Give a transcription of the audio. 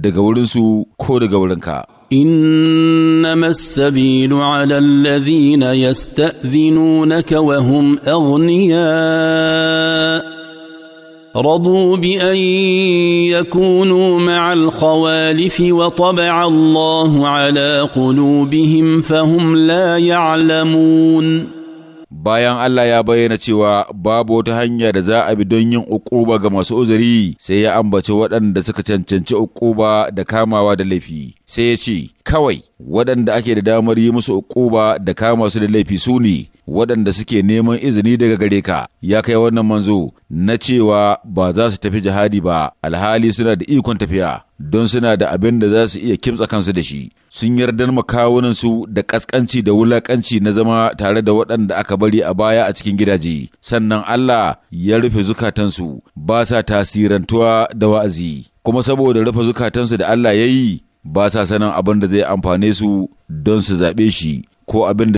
daga wurinsu ko daga wurinka. إنما السبيل على الذين يستأذنونك وهم أغنياء رضوا بأن يكونوا مع الخوالف وطبع الله على قلوبهم فهم لا يعلمون bayan Allah ya bayyana cewa babu wata hanya da za a bi don yin ukuba ga masu uzuri sai ya ambaci waɗanda suka cancanci ukuba da kamawa da laifi sai ya ce kawai waɗanda ake da damar yi musu ukuba da kama su da laifi su ne waɗanda suke neman izini daga gare ka ya kai wannan manzo na cewa ba za su tafi jihadi ba alhali suna da ikon tafiya don suna da abin da za su iya kimtsa kansu da shi sun yardar makawunansu da ƙasƙanci da wulaƙanci na zama tare da waɗanda aka bari a baya a cikin gidaje sannan Allah ya rufe zukatansu ba sa tasirantuwa da wa'azi kuma saboda rufe zukatansu da Allah ya yi ba sa sanin abin da zai amfane su don su zaɓe shi ko abin da